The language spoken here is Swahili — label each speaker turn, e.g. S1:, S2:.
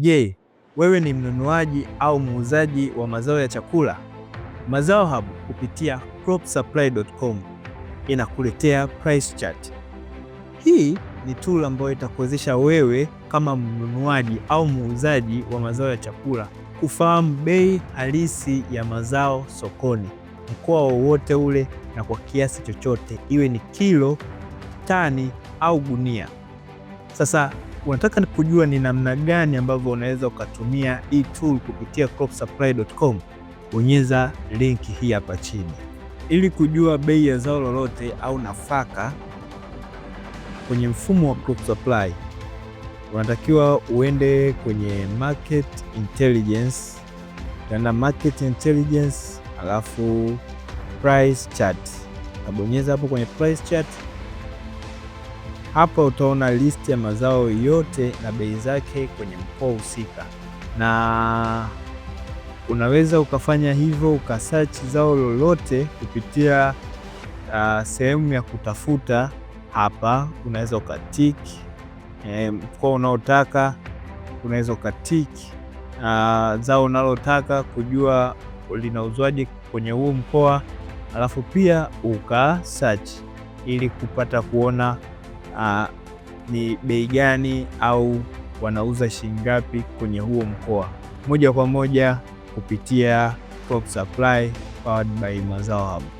S1: Je, wewe ni mnunuaji au muuzaji wa mazao ya chakula? Mazao Hub kupitia cropsupply.com inakuletea price chart. Hii ni tool ambayo itakuwezesha wewe kama mnunuaji au muuzaji wa mazao ya chakula kufahamu bei halisi ya mazao sokoni, mkoa wowote ule na kwa kiasi chochote, iwe ni kilo, tani au gunia. Sasa unataka kujua ni namna gani ambavyo unaweza ukatumia hii tool kupitia cropsupply.com, bonyeza linki hii hapa chini ili kujua bei ya zao lolote au nafaka kwenye mfumo wa crop supply. Unatakiwa uende kwenye market intelligence, utaenda market intelligence, alafu price chart, unabonyeza hapo kwenye price chart hapa utaona listi ya mazao yote na bei zake kwenye mkoa husika, na unaweza ukafanya hivyo ukasearch zao lolote kupitia uh, sehemu ya kutafuta. Hapa unaweza ukatik eh, mkoa unaotaka, unaweza ukatik uh, zao unalotaka kujua linauzwaje kwenye huo mkoa, alafu pia ukasearch ili kupata kuona Ah, ni bei gani au wanauza shilingi ngapi kwenye huo mkoa, moja kwa moja kupitia Crop Supply powered by Mazao Hub.